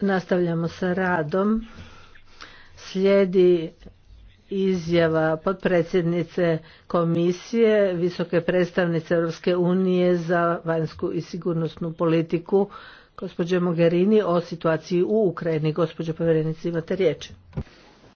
Nastavljamo sa radom. Slijedi izjava potpredsjednice komisije visoke predstavnice Europske unije za vanjsku i sigurnosnu politiku gospođe Mogherini o situaciji u Ukrajini. Gospođo povjerenice, imate riječ.